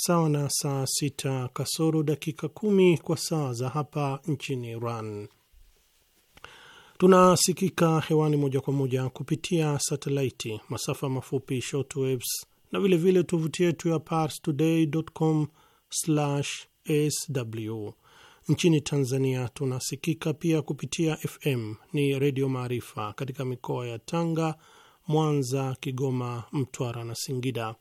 sawa na saa sita kasoro dakika kumi kwa saa za hapa nchini Iran. Tunasikika hewani moja kwa moja kupitia satelaiti, masafa mafupi shortwaves, na vilevile tovuti yetu ya pars parstoday.com/sw. Nchini Tanzania tunasikika pia kupitia FM ni Redio Maarifa katika mikoa ya Tanga, Mwanza, Kigoma, Mtwara na Singida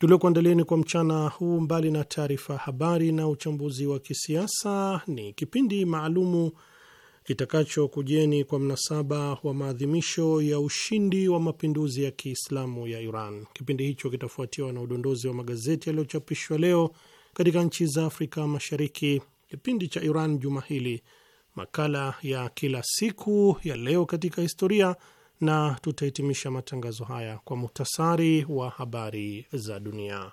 tuliokuandalieni kwa mchana huu, mbali na taarifa ya habari na uchambuzi wa kisiasa, ni kipindi maalumu kitakachokujeni kwa mnasaba wa maadhimisho ya ushindi wa mapinduzi ya Kiislamu ya Iran. Kipindi hicho kitafuatiwa na udondozi wa magazeti yaliyochapishwa leo katika nchi za Afrika Mashariki, kipindi cha Iran juma hili, makala ya kila siku ya leo katika historia na tutahitimisha matangazo haya kwa muhtasari wa habari za dunia.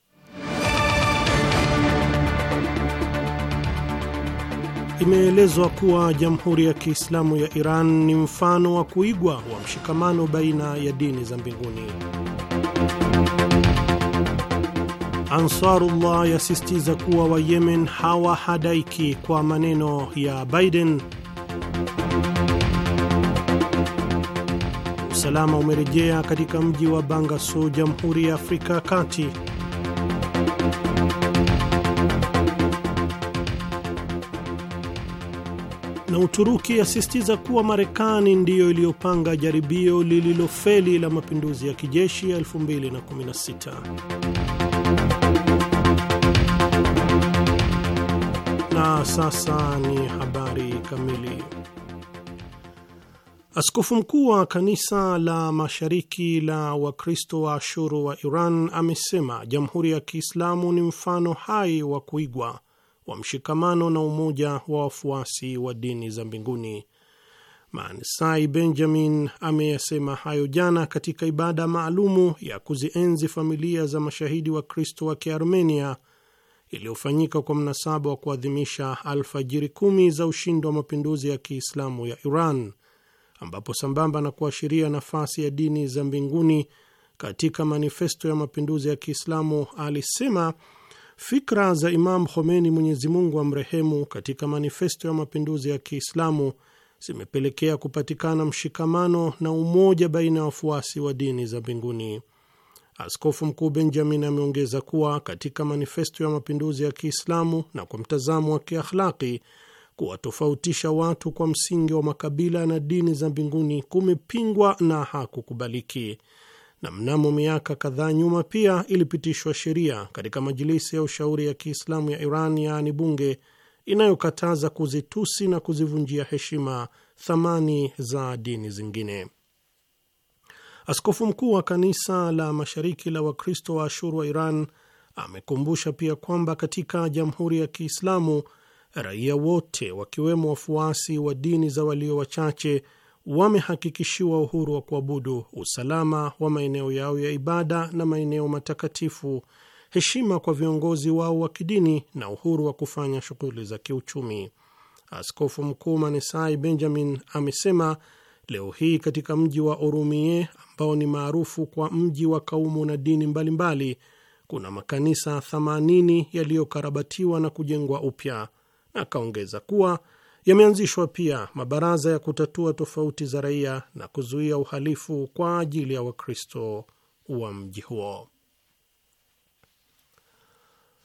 Imeelezwa kuwa Jamhuri ya Kiislamu ya Iran ni mfano wa kuigwa wa mshikamano baina ya dini za mbinguni. Ansarullah yasisitiza kuwa Wayemen hawahadaiki kwa maneno ya Biden. Usalama umerejea katika mji wa Bangasu, Jamhuri ya Afrika ya Kati. na Uturuki asisitiza kuwa Marekani ndiyo iliyopanga jaribio lililofeli la mapinduzi ya kijeshi ya 2016. Na sasa ni habari kamili. Askofu mkuu wa kanisa la mashariki la Wakristo wa Ashuru wa Iran amesema Jamhuri ya Kiislamu ni mfano hai wa kuigwa wa mshikamano na umoja wa wafuasi wa dini za mbinguni. Mansai Benjamin ameyasema hayo jana katika ibada maalumu ya kuzienzi familia za mashahidi wa Kristo wa Kiarmenia iliyofanyika kwa mnasaba wa kuadhimisha alfajiri kumi za ushindi wa mapinduzi ya Kiislamu ya Iran, ambapo sambamba na kuashiria nafasi ya dini za mbinguni katika manifesto ya mapinduzi ya Kiislamu alisema Fikra za Imam Khomeini, Mwenyezi Mungu amrehemu, katika manifesto ya mapinduzi ya Kiislamu zimepelekea kupatikana mshikamano na umoja baina ya wafuasi wa dini za mbinguni. Askofu Mkuu Benjamin ameongeza kuwa katika manifesto ya mapinduzi ya Kiislamu na kwa mtazamo wa kiakhlaki, kuwatofautisha watu kwa msingi wa makabila na dini za mbinguni kumepingwa na hakukubaliki na mnamo miaka kadhaa nyuma pia ilipitishwa sheria katika Majilisi ya Ushauri ya Kiislamu ya Iran, yaani bunge, inayokataza kuzitusi na kuzivunjia heshima thamani za dini zingine. Askofu mkuu wa kanisa la mashariki la Wakristo wa Ashuru wa Iran amekumbusha pia kwamba katika Jamhuri ya Kiislamu raia wote wakiwemo wafuasi wa dini za walio wachache wamehakikishiwa uhuru wa kuabudu, usalama wa maeneo yao ya ibada na maeneo matakatifu, heshima kwa viongozi wao wa kidini na uhuru wa kufanya shughuli za kiuchumi. Askofu Mkuu Manesai Benjamin amesema leo hii katika mji wa Orumie ambao ni maarufu kwa mji wa kaumu na dini mbalimbali mbali, kuna makanisa 80 yaliyokarabatiwa na kujengwa upya, na akaongeza kuwa Yameanzishwa pia mabaraza ya kutatua tofauti za raia na kuzuia uhalifu kwa ajili ya Wakristo wa, mji huo.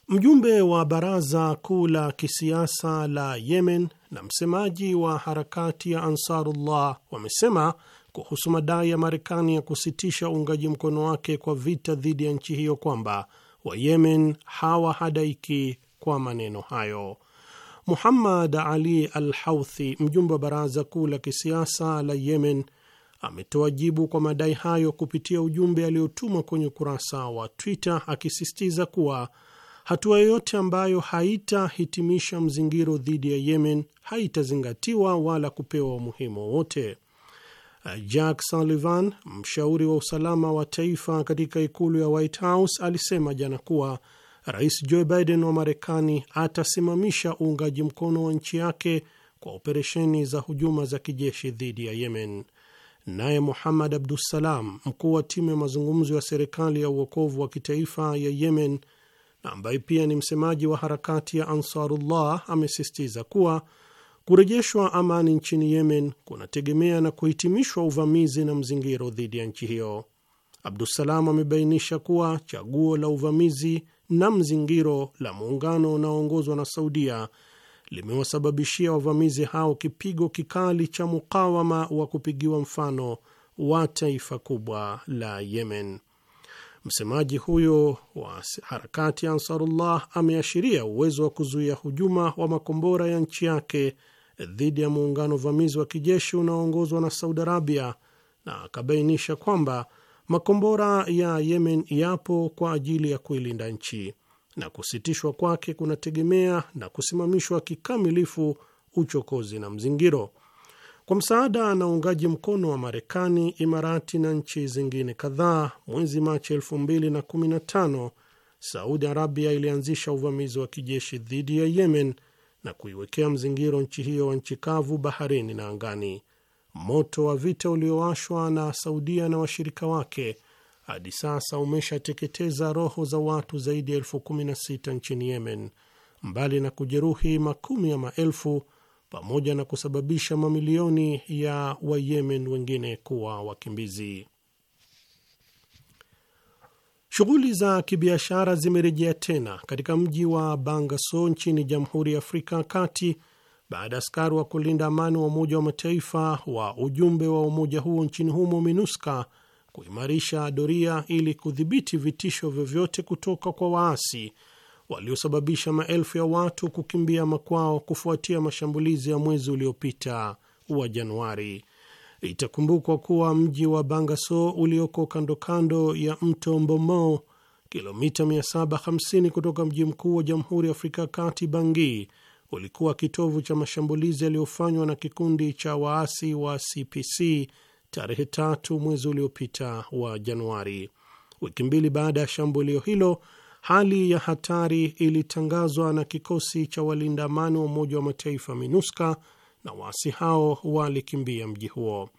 Mjumbe wa baraza kuu la kisiasa la Yemen na msemaji wa harakati ya Ansarullah wamesema kuhusu madai ya Marekani ya kusitisha uungaji mkono wake kwa vita dhidi ya nchi hiyo kwamba Wayemen hawahadaiki kwa maneno hayo. Muhammad Ali al Houthi, mjumbe wa baraza kuu la kisiasa la Yemen, ametoa jibu kwa madai hayo kupitia ujumbe aliotumwa kwenye ukurasa wa Twitter akisisitiza kuwa hatua yoyote ambayo haitahitimisha mzingiro dhidi ya Yemen haitazingatiwa wala kupewa umuhimu wowote. Jack Sullivan, mshauri wa usalama wa taifa katika ikulu ya White House, alisema jana kuwa Rais Joe Biden wa Marekani atasimamisha uungaji mkono wa nchi yake kwa operesheni za hujuma za kijeshi dhidi ya Yemen. Naye Muhammad Abdussalam, mkuu wa timu ya mazungumzo ya serikali ya uokovu wa kitaifa ya Yemen na ambaye pia ni msemaji wa harakati ya Ansarullah, amesisitiza kuwa kurejeshwa amani nchini Yemen kunategemea na kuhitimishwa uvamizi na mzingiro dhidi ya nchi hiyo. Abdussalam amebainisha kuwa chaguo la uvamizi na mzingiro la muungano unaoongozwa na Saudia limewasababishia wavamizi hao kipigo kikali cha mukawama wa kupigiwa mfano wa taifa kubwa la Yemen. Msemaji huyo wa harakati Ansarullah ameashiria uwezo wa kuzuia hujuma wa makombora ya nchi yake dhidi ya muungano vamizi wa kijeshi unaoongozwa na Saudi Arabia na akabainisha kwamba Makombora ya Yemen yapo kwa ajili ya kuilinda nchi na kusitishwa kwake kunategemea na kusimamishwa kikamilifu uchokozi na mzingiro. Kwa msaada na uungaji mkono wa Marekani, Imarati na nchi zingine kadhaa, mwezi Machi 2015 Saudi Arabia ilianzisha uvamizi wa kijeshi dhidi ya Yemen na kuiwekea mzingiro nchi hiyo wa nchi kavu, baharini na angani moto wa vita uliowashwa na Saudia na washirika wake hadi sasa umeshateketeza roho za watu zaidi ya elfu kumi na sita nchini Yemen, mbali na kujeruhi makumi ya maelfu pamoja na kusababisha mamilioni ya Wayemen wengine kuwa wakimbizi. Shughuli za kibiashara zimerejea tena katika mji wa Bangaso nchini Jamhuri ya Afrika Kati baada ya askari wa kulinda amani wa Umoja wa Mataifa wa ujumbe wa umoja huo nchini humo MINUSCA kuimarisha doria ili kudhibiti vitisho vyovyote kutoka kwa waasi waliosababisha maelfu ya watu kukimbia makwao kufuatia mashambulizi ya mwezi uliopita wa Januari. Itakumbukwa kuwa mji wa Bangaso ulioko kando kando ya mto Mbomo, kilomita 750 kutoka mji mkuu wa Jamhuri ya Afrika ya Kati, Bangui, ulikuwa kitovu cha mashambulizi yaliyofanywa na kikundi cha waasi wa CPC tarehe tatu mwezi uliopita wa Januari. Wiki mbili baada ya shambulio hilo, hali ya hatari ilitangazwa na kikosi cha walinda amani wa Umoja wa Mataifa MINUSCA na waasi hao walikimbia mji huo.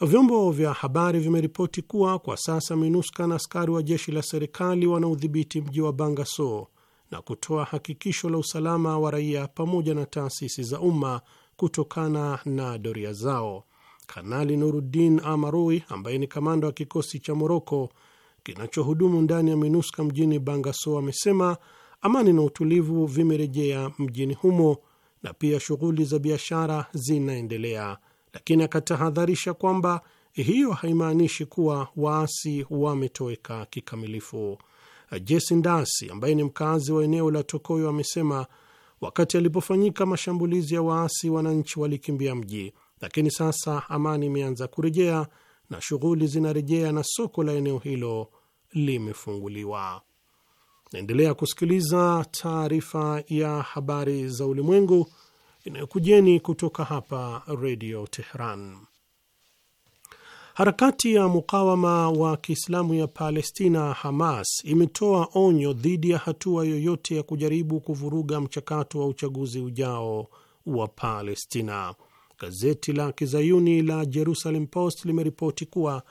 Vyombo vya habari vimeripoti kuwa kwa sasa MINUSCA na askari wa jeshi la serikali wanaudhibiti mji wa Bangaso na kutoa hakikisho la usalama wa raia pamoja na taasisi za umma kutokana na doria zao. Kanali Nuruddin Amarui ambaye ni kamanda wa kikosi cha Moroko kinachohudumu ndani ya minuska mjini Bangaso amesema amani na utulivu vimerejea mjini humo na pia shughuli za biashara zinaendelea, lakini akatahadharisha kwamba hiyo haimaanishi kuwa waasi wametoweka kikamilifu. Jesi Ndasi ambaye ni mkazi wa eneo la Tokoyo amesema wakati alipofanyika mashambulizi ya waasi, wananchi walikimbia mji, lakini sasa amani imeanza kurejea na shughuli zinarejea na soko la eneo hilo limefunguliwa. Naendelea kusikiliza taarifa ya habari za ulimwengu inayokujeni kutoka hapa Redio Teheran. Harakati ya mukawama wa Kiislamu ya Palestina, Hamas, imetoa onyo dhidi ya hatua yoyote ya kujaribu kuvuruga mchakato wa uchaguzi ujao wa Palestina. Gazeti la kizayuni la Jerusalem Post limeripoti kuwa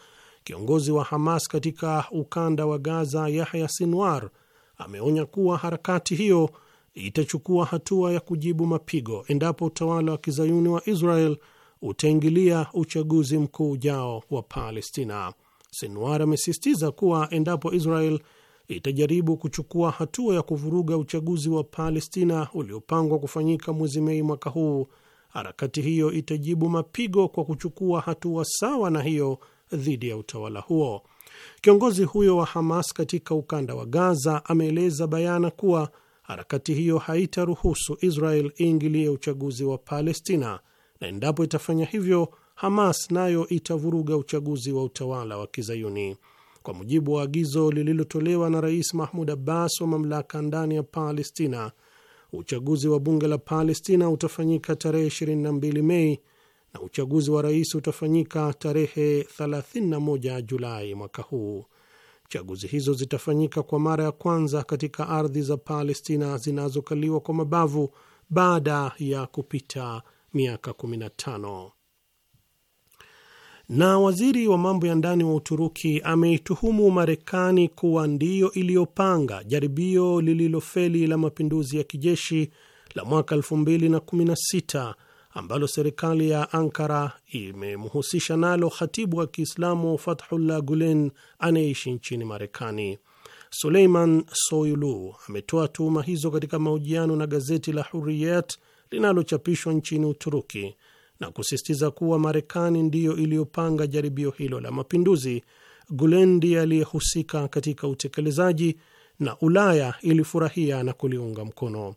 kiongozi wa Hamas katika ukanda wa Gaza, Yahya Sinwar, ameonya kuwa harakati hiyo itachukua hatua ya kujibu mapigo endapo utawala wa kizayuni wa Israel utaingilia uchaguzi mkuu ujao wa Palestina. Sinwar amesisitiza kuwa endapo Israel itajaribu kuchukua hatua ya kuvuruga uchaguzi wa Palestina uliopangwa kufanyika mwezi Mei mwaka huu, harakati hiyo itajibu mapigo kwa kuchukua hatua sawa na hiyo dhidi ya utawala huo. Kiongozi huyo wa Hamas katika ukanda wa Gaza ameeleza bayana kuwa harakati hiyo haitaruhusu Israel iingilie uchaguzi wa Palestina na endapo itafanya hivyo, Hamas nayo itavuruga uchaguzi wa utawala wa Kizayuni. Kwa mujibu wa agizo lililotolewa na Rais Mahmud Abbas wa mamlaka ndani ya Palestina, uchaguzi wa bunge la Palestina utafanyika tarehe 22 Mei na uchaguzi wa rais utafanyika tarehe 31 Julai mwaka huu. Chaguzi hizo zitafanyika kwa mara ya kwanza katika ardhi za Palestina zinazokaliwa kwa mabavu baada ya kupita miaka 15. Na waziri wa mambo ya ndani wa Uturuki ameituhumu Marekani kuwa ndiyo iliyopanga jaribio lililofeli la mapinduzi ya kijeshi la mwaka 2016 ambalo serikali ya Ankara imemhusisha nalo khatibu wa Kiislamu Fathullah Gulen anayeishi nchini Marekani. Suleiman Soyulu ametoa tuhuma hizo katika mahojiano na gazeti la Hurriyet linalochapishwa nchini Uturuki na kusisitiza kuwa Marekani ndiyo iliyopanga jaribio hilo la mapinduzi. Gulen ndiye aliyehusika katika utekelezaji na Ulaya ilifurahia na kuliunga mkono.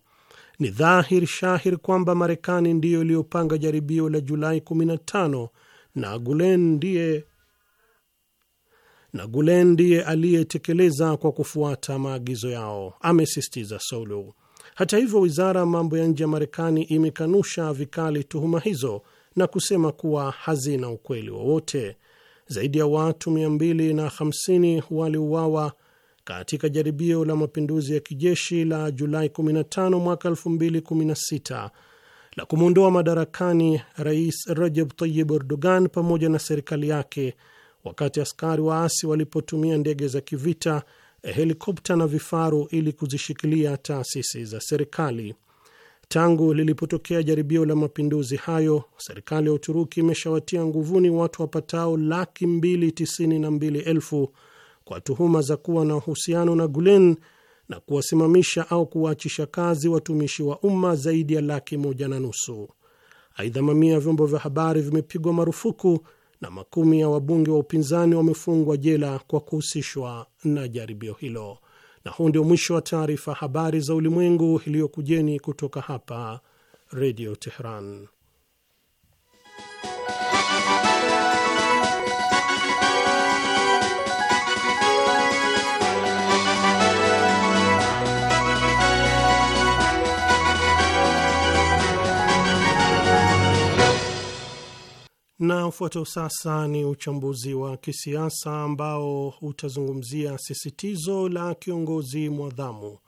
Ni dhahir shahir kwamba Marekani ndiyo iliyopanga jaribio la Julai 15 na Gulen ndiye na Gulen ndiye aliyetekeleza kwa kufuata maagizo yao, amesisitiza Solu. Hata hivyo, wizara ya mambo ya nje ya Marekani imekanusha vikali tuhuma hizo na kusema kuwa hazina ukweli wowote. Zaidi ya watu 250 waliuawa katika jaribio la mapinduzi ya kijeshi la Julai 15 mwaka 2016 la kumwondoa madarakani Rais Recep Tayyip Erdogan pamoja na serikali yake, wakati askari waasi walipotumia ndege za kivita Eh, helikopta na vifaru ili kuzishikilia taasisi za serikali. Tangu lilipotokea jaribio la mapinduzi hayo, serikali ya Uturuki imeshawatia nguvuni watu wapatao laki mbili tisini na mbili elfu kwa tuhuma za kuwa na uhusiano na Gulen na kuwasimamisha au kuwaachisha kazi watumishi wa umma zaidi ya laki moja na nusu. Aidha, mamia ya vyombo vya habari vimepigwa marufuku na makumi ya wabunge wa upinzani wamefungwa jela kwa kuhusishwa na jaribio hilo. Na huu ndio mwisho wa taarifa habari za ulimwengu iliyokujeni kutoka hapa Redio Teheran. Na ufuato sasa ni uchambuzi wa kisiasa ambao utazungumzia sisitizo la kiongozi mwadhamu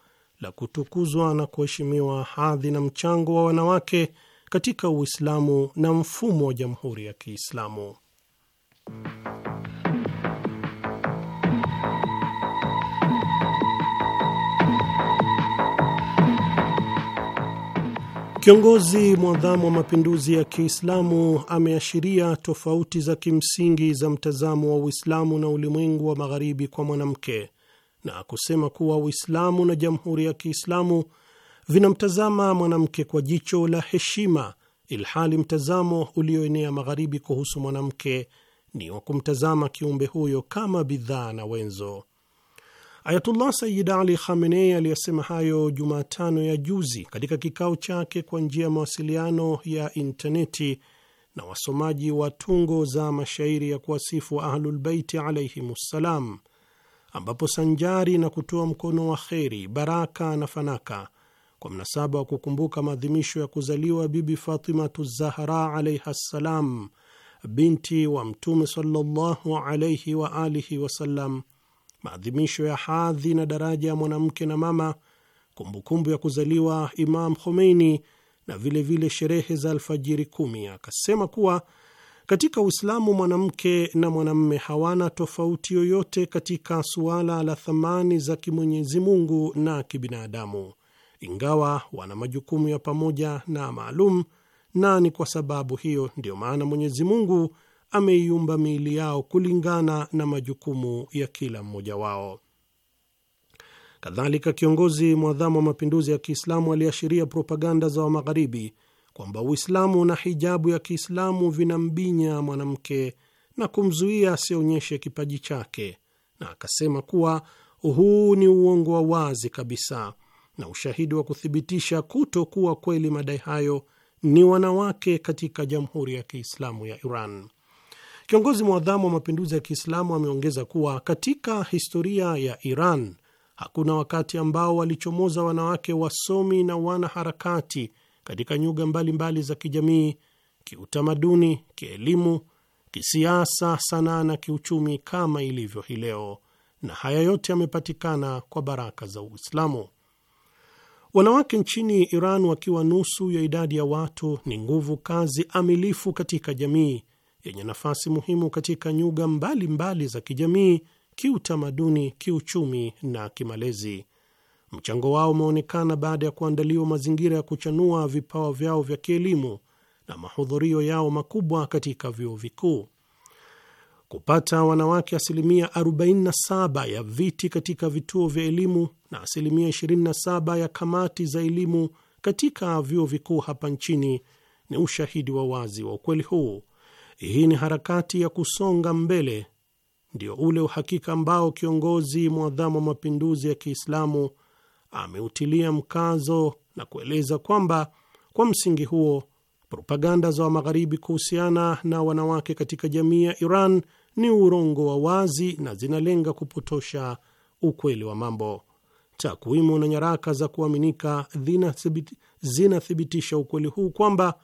la kutukuzwa na kuheshimiwa hadhi na mchango wa wanawake katika Uislamu na mfumo wa Jamhuri ya Kiislamu. Kiongozi mwadhamu wa mapinduzi ya Kiislamu ameashiria tofauti za kimsingi za mtazamo wa Uislamu na ulimwengu wa Magharibi kwa mwanamke na kusema kuwa Uislamu na Jamhuri ya Kiislamu vinamtazama mwanamke kwa jicho la heshima, ilhali mtazamo ulioenea Magharibi kuhusu mwanamke ni wa kumtazama kiumbe huyo kama bidhaa na wenzo. Ayatullah Sayyid Ali Khamenei aliyesema hayo Jumatano ya juzi katika kikao chake kwa njia ya mawasiliano ya intaneti na wasomaji wa tungo za mashairi ya kuwasifu Ahlulbeiti ssalam ambapo sanjari na kutoa mkono wa kheri, baraka na fanaka kwa mnasaba wa kukumbuka maadhimisho ya kuzaliwa Bibi Fatimatu Zahra alaiha ssalam, binti wa Mtume sallallahu alaihi waalihi wasallam maadhimisho ya hadhi na daraja ya mwanamke na mama, kumbukumbu kumbu ya kuzaliwa Imam Khomeini na vilevile vile sherehe za Alfajiri Kumi, akasema kuwa katika Uislamu mwanamke na mwanamme hawana tofauti yoyote katika suala la thamani za kimwenyezi Mungu na kibinadamu, ingawa wana majukumu ya pamoja na maalum, na ni kwa sababu hiyo ndiyo maana Mwenyezi Mungu ameiumba miili yao kulingana na majukumu ya kila mmoja wao. Kadhalika, kiongozi mwadhamu wa mapinduzi ya Kiislamu aliashiria propaganda za Wamagharibi kwamba Uislamu na hijabu ya Kiislamu vinambinya mwanamke na kumzuia asionyeshe kipaji chake, na akasema kuwa huu ni uongo wa wazi kabisa, na ushahidi wa kuthibitisha kutokuwa kweli madai hayo ni wanawake katika Jamhuri ya Kiislamu ya Iran. Kiongozi mwadhamu wa mapinduzi ya Kiislamu ameongeza kuwa katika historia ya Iran hakuna wakati ambao walichomoza wanawake wasomi na wanaharakati katika nyuga mbalimbali za kijamii, kiutamaduni, kielimu, kisiasa, sanaa na kiuchumi kama ilivyo hii leo, na haya yote yamepatikana kwa baraka za Uislamu. Wanawake nchini Iran wakiwa nusu ya idadi ya watu, ni nguvu kazi amilifu katika jamii yenye nafasi muhimu katika nyuga mbalimbali mbali za kijamii, kiutamaduni, kiuchumi na kimalezi. Mchango wao umeonekana baada ya kuandaliwa mazingira ya kuchanua vipawa vyao vya kielimu na mahudhurio yao makubwa katika vyuo vikuu. Kupata wanawake asilimia 47 ya viti katika vituo vya elimu na asilimia 27 ya kamati za elimu katika vyuo vikuu hapa nchini ni ushahidi wa wazi wa ukweli huu. Hii ni harakati ya kusonga mbele, ndio ule uhakika ambao kiongozi mwadhamu wa mapinduzi ya Kiislamu ameutilia mkazo na kueleza kwamba kwa msingi huo propaganda za Wamagharibi kuhusiana na wanawake katika jamii ya Iran ni urongo wa wazi na zinalenga kupotosha ukweli wa mambo. Takwimu na nyaraka za kuaminika zinathibitisha ukweli huu kwamba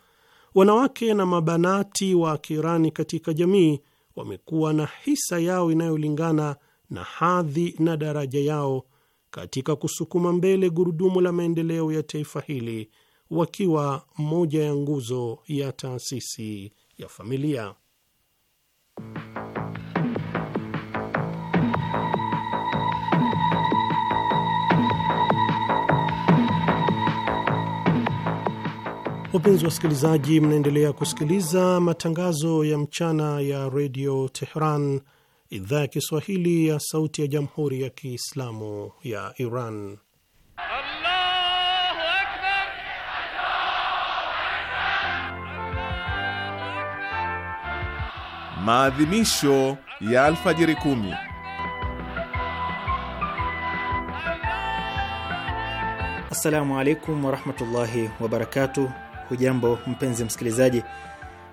Wanawake na mabanati wa Kirani katika jamii wamekuwa na hisa yao inayolingana na hadhi na daraja yao katika kusukuma mbele gurudumu la maendeleo ya taifa hili, wakiwa moja ya nguzo ya taasisi ya familia. Wapenzi wasikilizaji, mnaendelea kusikiliza matangazo ya mchana ya redio Tehran, idhaa ya Kiswahili ya sauti ya jamhuri ya Kiislamu ya Iran. Maadhimisho ya alfajiri kumi. Assalamu alaikum warahmatullahi wabarakatuh. Hujambo mpenzi msikilizaji,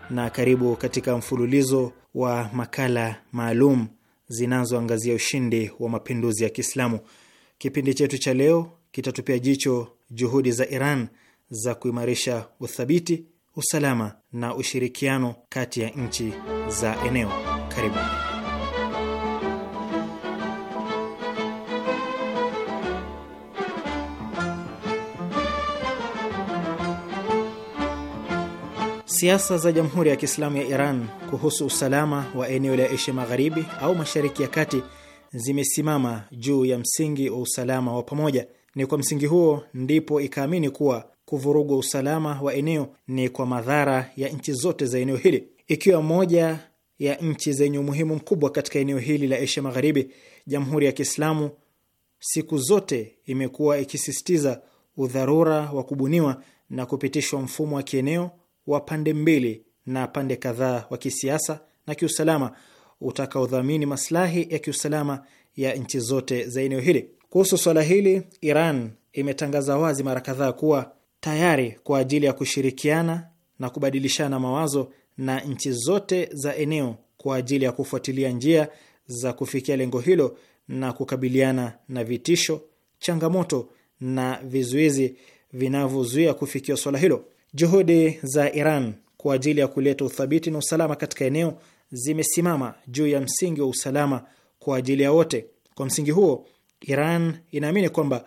na karibu katika mfululizo wa makala maalum zinazoangazia ushindi wa mapinduzi ya Kiislamu. Kipindi chetu cha leo kitatupia jicho juhudi za Iran za kuimarisha uthabiti, usalama na ushirikiano kati ya nchi za eneo. Karibu. siasa za Jamhuri ya Kiislamu ya Iran kuhusu usalama wa eneo la Asia Magharibi au Mashariki ya Kati zimesimama juu ya msingi wa usalama wa pamoja. Ni kwa msingi huo ndipo ikaamini kuwa kuvurugwa usalama wa eneo ni kwa madhara ya nchi zote za eneo hili. Ikiwa moja ya nchi zenye umuhimu mkubwa katika eneo hili la Asia Magharibi, Jamhuri ya Kiislamu siku zote imekuwa ikisisitiza udharura wa kubuniwa na kupitishwa mfumo wa kieneo wa pande mbili na pande kadhaa wa kisiasa na kiusalama utakaodhamini maslahi ya kiusalama ya nchi zote za eneo hili. Kuhusu swala hili, Iran imetangaza wazi mara kadhaa kuwa tayari kwa ajili ya kushirikiana na kubadilishana mawazo na nchi zote za eneo kwa ajili ya kufuatilia njia za kufikia lengo hilo na kukabiliana na vitisho, changamoto na vizuizi vinavyozuia kufikia swala hilo. Juhudi za Iran kwa ajili ya kuleta uthabiti na usalama katika eneo zimesimama juu ya msingi wa usalama kwa ajili ya wote. Kwa msingi huo, Iran inaamini kwamba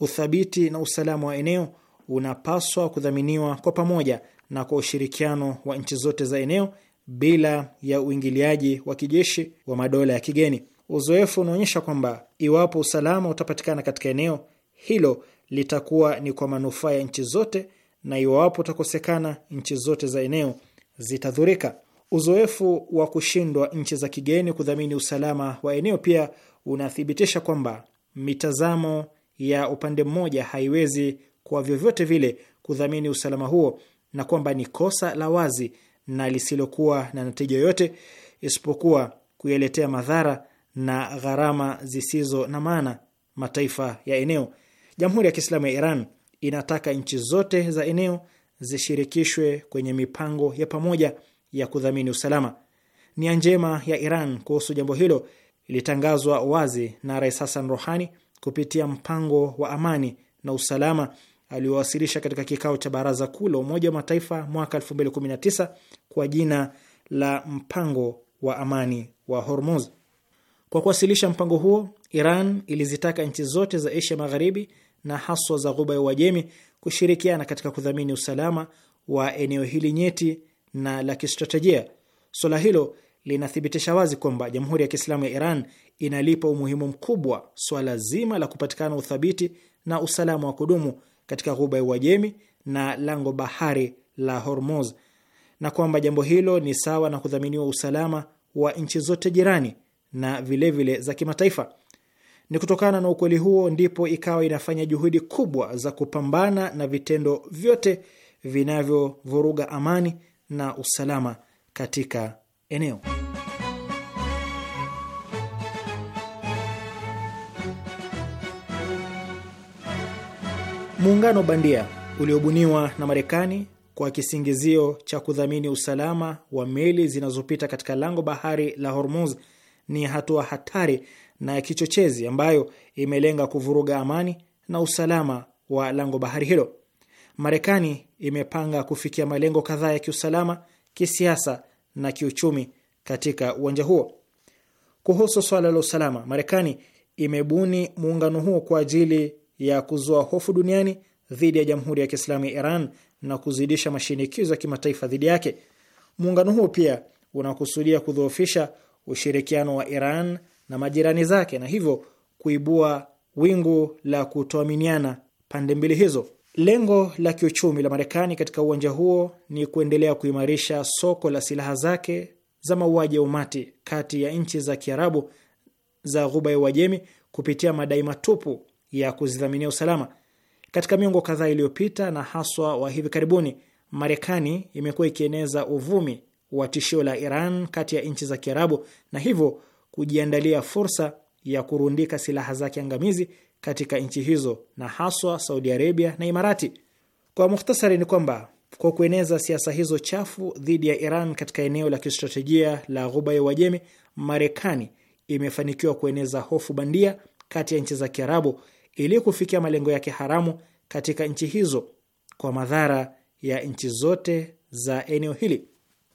uthabiti na usalama wa eneo unapaswa kudhaminiwa kwa pamoja na kwa ushirikiano wa nchi zote za eneo bila ya uingiliaji wa kijeshi wa madola ya kigeni. Uzoefu unaonyesha kwamba iwapo usalama utapatikana katika eneo hilo, litakuwa ni kwa manufaa ya nchi zote na iwapo utakosekana, nchi zote za eneo zitadhurika. Uzoefu wa kushindwa nchi za kigeni kudhamini usalama wa eneo pia unathibitisha kwamba mitazamo ya upande mmoja haiwezi kwa vyovyote vile kudhamini usalama huo na kwamba ni kosa la wazi na lisilokuwa na natija yoyote isipokuwa kuyaletea madhara na gharama zisizo na maana mataifa ya eneo. Jamhuri ya Kiislamu ya Iran inataka nchi zote za eneo zishirikishwe kwenye mipango ya pamoja ya kudhamini usalama. Nia njema ya Iran kuhusu jambo hilo ilitangazwa wazi na Rais Hassan Rohani kupitia mpango wa amani na usalama aliowasilisha katika kikao cha Baraza Kuu la Umoja wa Mataifa mwaka 2019 kwa jina la mpango wa amani wa Hormuz. Kwa kuwasilisha mpango huo, Iran ilizitaka nchi zote za Asia Magharibi na haswa za Ghuba ya Uajemi kushirikiana katika kudhamini usalama wa eneo hili nyeti na la kistratejia. Swala hilo linathibitisha wazi kwamba Jamhuri ya Kiislamu ya Iran inalipa umuhimu mkubwa swala zima la kupatikana uthabiti na usalama wa kudumu katika Ghuba ya Uajemi na lango bahari la Hormuz, na kwamba jambo hilo ni sawa na kudhaminiwa usalama wa nchi zote jirani na vilevile vile za kimataifa. Ni kutokana na ukweli huo ndipo ikawa inafanya juhudi kubwa za kupambana na vitendo vyote vinavyovuruga amani na usalama katika eneo. Muungano bandia uliobuniwa na Marekani kwa kisingizio cha kudhamini usalama wa meli zinazopita katika lango bahari la Hormuz ni hatua hatari na kichochezi ambayo imelenga kuvuruga amani na usalama wa lango bahari hilo. Marekani imepanga kufikia malengo kadhaa ya kiusalama, kisiasa na kiuchumi katika uwanja huo. Kuhusu swala la usalama, Marekani imebuni muungano huo kwa ajili ya kuzoa hofu duniani dhidi ya Jamhuri ya Kiislamu ya Iran na kuzidisha mashinikizo ya kimataifa dhidi yake. Muungano huo pia unakusudia kudhoofisha ushirikiano wa Iran na majirani zake na hivyo kuibua wingu la kutoaminiana pande mbili hizo. Lengo la kiuchumi la Marekani katika uwanja huo ni kuendelea kuimarisha soko la silaha zake za mauaji ya umati kati ya nchi za Kiarabu za Ghuba ya Uajemi kupitia madai matupu ya kuzidhaminia usalama. Katika miongo kadhaa iliyopita na haswa wa hivi karibuni, Marekani imekuwa ikieneza uvumi wa tishio la Iran kati ya nchi za Kiarabu na hivyo kujiandalia fursa ya kurundika silaha zake angamizi katika nchi hizo na haswa Saudi Arabia na Imarati. Kwa muhtasari, ni kwamba kwa kueneza siasa hizo chafu dhidi ya Iran katika eneo la kistratejia la Ghuba ya Uajemi, Marekani imefanikiwa kueneza hofu bandia kati ya nchi za Kiarabu ili kufikia malengo yake haramu katika nchi hizo kwa madhara ya nchi zote za eneo hili.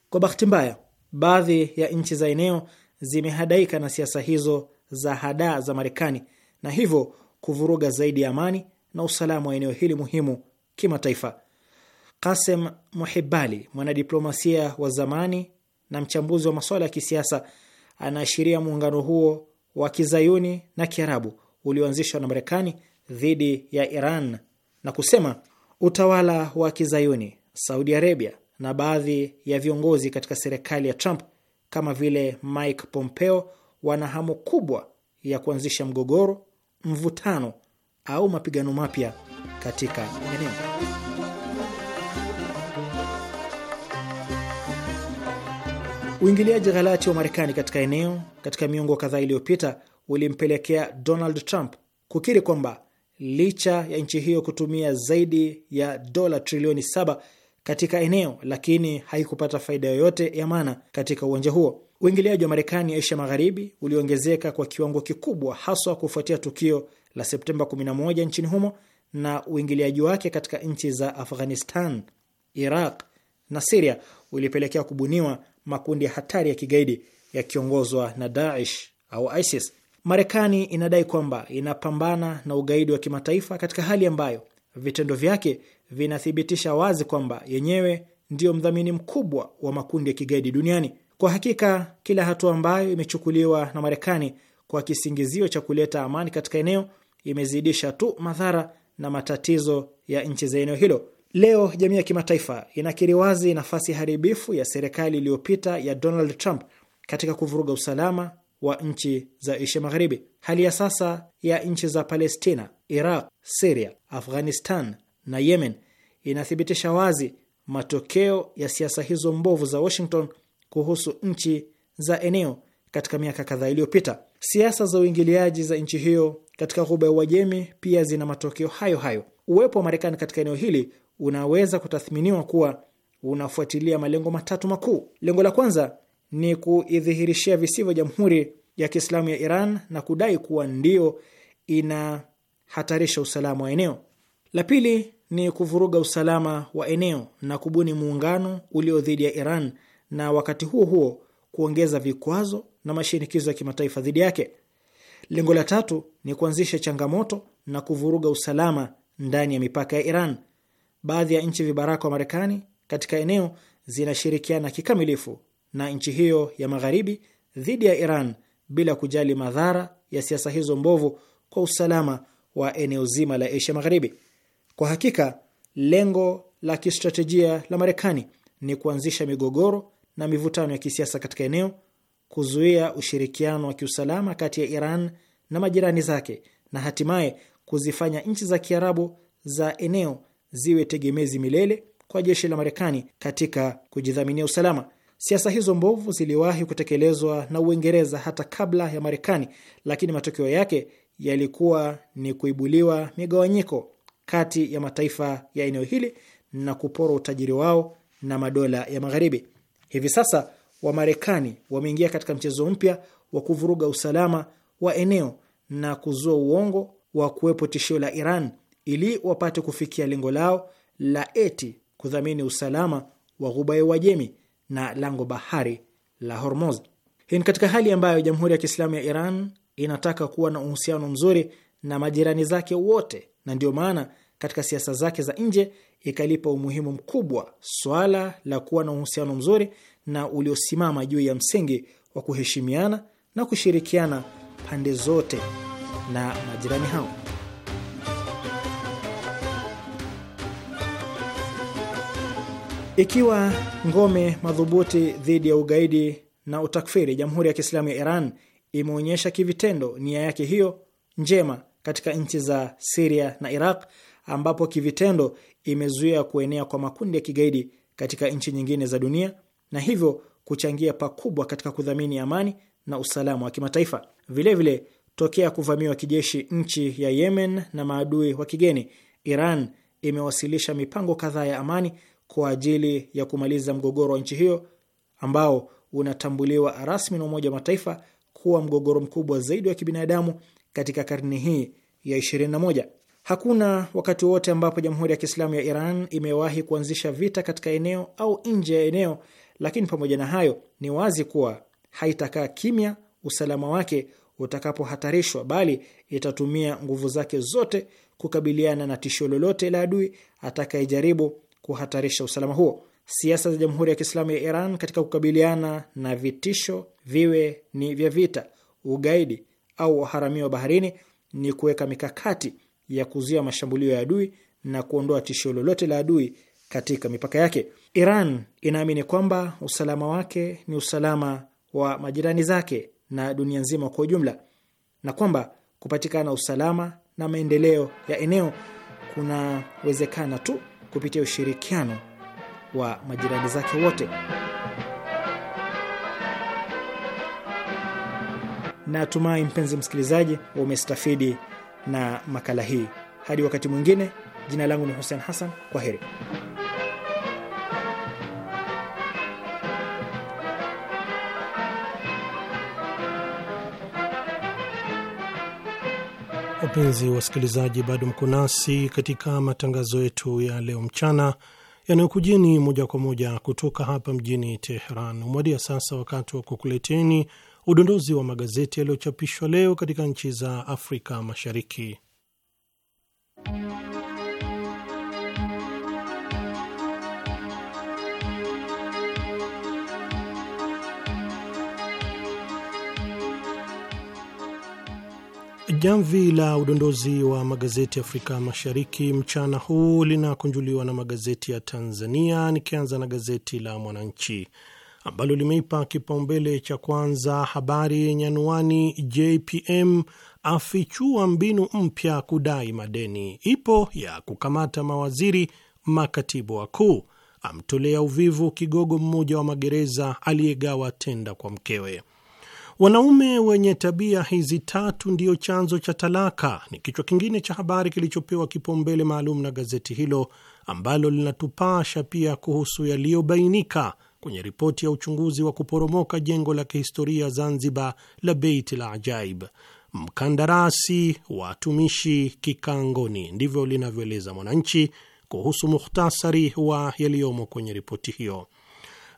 Kwa bahati mbaya, baadhi ya nchi za eneo zimehadaika na siasa hizo za hadaa za Marekani na hivyo kuvuruga zaidi ya amani na usalama wa eneo hili muhimu kimataifa. Kasem Muhibali, mwanadiplomasia wa zamani na mchambuzi wa masuala ya kisiasa, anaashiria muungano huo wa kizayuni na kiarabu ulioanzishwa na Marekani dhidi ya Iran na kusema utawala wa kizayuni, Saudi Arabia na baadhi ya viongozi katika serikali ya Trump kama vile Mike Pompeo wana hamu kubwa ya kuanzisha mgogoro, mvutano au mapigano mapya katika eneo. Uingiliaji ghalati wa Marekani katika eneo katika miongo kadhaa iliyopita ulimpelekea Donald Trump kukiri kwamba licha ya nchi hiyo kutumia zaidi ya dola trilioni saba katika eneo, lakini haikupata faida yoyote ya maana katika uwanja huo. Uingiliaji wa Marekani Asia Magharibi uliongezeka kwa kiwango kikubwa, haswa kufuatia tukio la Septemba 11 nchini humo na uingiliaji wake katika nchi za Afghanistan, Iraq na Siria ulipelekea kubuniwa makundi ya hatari ya kigaidi yakiongozwa na Daesh au ISIS. Marekani inadai kwamba inapambana na ugaidi wa kimataifa katika hali ambayo vitendo vyake vinathibitisha wazi kwamba yenyewe ndiyo mdhamini mkubwa wa makundi ya kigaidi duniani. Kwa hakika kila hatua ambayo imechukuliwa na Marekani kwa kisingizio cha kuleta amani katika eneo imezidisha tu madhara na matatizo ya nchi za eneo hilo. Leo jamii ya kimataifa inakiri wazi nafasi haribifu ya serikali iliyopita ya Donald Trump katika kuvuruga usalama wa nchi za Asia Magharibi. Hali ya sasa ya nchi za Palestina, Iraq, Siria, Afghanistan na Yemen inathibitisha wazi matokeo ya siasa hizo mbovu za Washington kuhusu nchi za eneo katika miaka kadhaa iliyopita. Siasa za uingiliaji za nchi hiyo katika ghuba ya Uajemi pia zina matokeo hayo hayo. Uwepo wa Marekani katika eneo hili unaweza kutathminiwa kuwa unafuatilia malengo matatu makuu. Lengo la kwanza ni kuidhihirishia visivyo Jamhuri ya Kiislamu ya Iran na kudai kuwa ndio ina hatarisha usalama wa eneo. La pili ni kuvuruga usalama wa eneo na kubuni muungano ulio dhidi ya Iran na wakati huo huo kuongeza vikwazo na mashinikizo ya kimataifa dhidi yake. Lengo la tatu ni kuanzisha changamoto na kuvuruga usalama ndani ya mipaka ya Iran. Baadhi ya nchi vibaraka wa Marekani katika eneo zinashirikiana kikamilifu na nchi hiyo ya magharibi dhidi ya Iran bila kujali madhara ya siasa hizo mbovu kwa usalama wa eneo zima la Asia Magharibi. Kwa hakika lengo la kistratejia la Marekani ni kuanzisha migogoro na mivutano ya kisiasa katika eneo, kuzuia ushirikiano wa kiusalama kati ya Iran na majirani zake, na hatimaye kuzifanya nchi za Kiarabu za eneo ziwe tegemezi milele kwa jeshi la Marekani katika kujidhaminia usalama. Siasa hizo mbovu ziliwahi kutekelezwa na Uingereza hata kabla ya Marekani, lakini matokeo yake yalikuwa ni kuibuliwa migawanyiko kati ya mataifa ya eneo hili na kuporwa utajiri wao na madola ya Magharibi. Hivi sasa Wamarekani wameingia katika mchezo mpya wa kuvuruga usalama wa eneo na kuzua uongo wa kuwepo tishio la Iran ili wapate kufikia lengo lao la eti kudhamini usalama wa Ghuba ya Uajemi na lango bahari la Hormuz. Hii ni katika hali ambayo Jamhuri ya Kiislamu ya Iran inataka kuwa na uhusiano mzuri na majirani zake wote, na ndiyo maana katika siasa zake za nje ikalipa umuhimu mkubwa swala la kuwa na uhusiano mzuri na uliosimama juu ya msingi wa kuheshimiana na kushirikiana pande zote na majirani hao. Ikiwa ngome madhubuti dhidi ya ugaidi na utakfiri, Jamhuri ya Kiislamu ya Iran imeonyesha kivitendo nia yake hiyo njema katika nchi za Siria na Iraq, ambapo kivitendo imezuia kuenea kwa makundi ya kigaidi katika nchi nyingine za dunia na hivyo kuchangia pakubwa katika kudhamini amani na usalama wa kimataifa. Vilevile, tokea kuvamiwa kijeshi nchi ya Yemen na maadui wa kigeni, Iran imewasilisha mipango kadhaa ya amani kwa ajili ya kumaliza mgogoro wa nchi hiyo ambao unatambuliwa rasmi na Umoja wa Mataifa kuwa mgogoro mkubwa zaidi wa kibinadamu katika karne hii ya 21. Hakuna wakati wowote ambapo Jamhuri ya Kiislamu ya Iran imewahi kuanzisha vita katika eneo au nje ya eneo, lakini pamoja na hayo ni wazi kuwa haitakaa kimya usalama wake utakapohatarishwa, bali itatumia nguvu zake zote kukabiliana na tishio lolote la adui atakayejaribu kuhatarisha usalama huo siasa za Jamhuri ya Kiislamu ya Iran katika kukabiliana na vitisho, viwe ni vya vita, ugaidi au waharamia wa baharini, ni kuweka mikakati ya kuzuia mashambulio ya adui na kuondoa tishio lolote la adui katika mipaka yake. Iran inaamini kwamba usalama wake ni usalama wa majirani zake na dunia nzima kwa ujumla, na kwamba kupatikana usalama na maendeleo ya eneo kunawezekana tu kupitia ushirikiano wa majirani zake wote. Natumai mpenzi msikilizaji, umestafidi na makala hii. Hadi wakati mwingine, jina langu ni Hussein Hassan. Kwa heri. Wapenzi wasikilizaji, bado mko nasi katika matangazo yetu ya leo mchana yanayokujeni moja kwa moja kutoka hapa mjini Teheran. Umewadia sasa wakati wa kukuleteni udondozi wa magazeti yaliyochapishwa leo katika nchi za Afrika Mashariki. Jamvi la udondozi wa magazeti Afrika Mashariki mchana huu linakunjuliwa na magazeti ya Tanzania, nikianza na gazeti la Mwananchi ambalo limeipa kipaumbele cha kwanza habari yenye anuani JPM afichua mbinu mpya kudai madeni, ipo ya kukamata mawaziri makatibu wakuu, amtolea uvivu kigogo mmoja wa magereza aliyegawa tenda kwa mkewe. Wanaume wenye tabia hizi tatu ndiyo chanzo cha talaka, ni kichwa kingine cha habari kilichopewa kipaumbele maalum na gazeti hilo, ambalo linatupasha pia kuhusu yaliyobainika kwenye ripoti ya uchunguzi wa kuporomoka jengo la kihistoria Zanzibar la Beit la Ajaib. Mkandarasi wa watumishi kikangoni, ndivyo linavyoeleza Mwananchi kuhusu muhtasari wa yaliyomo kwenye ripoti hiyo.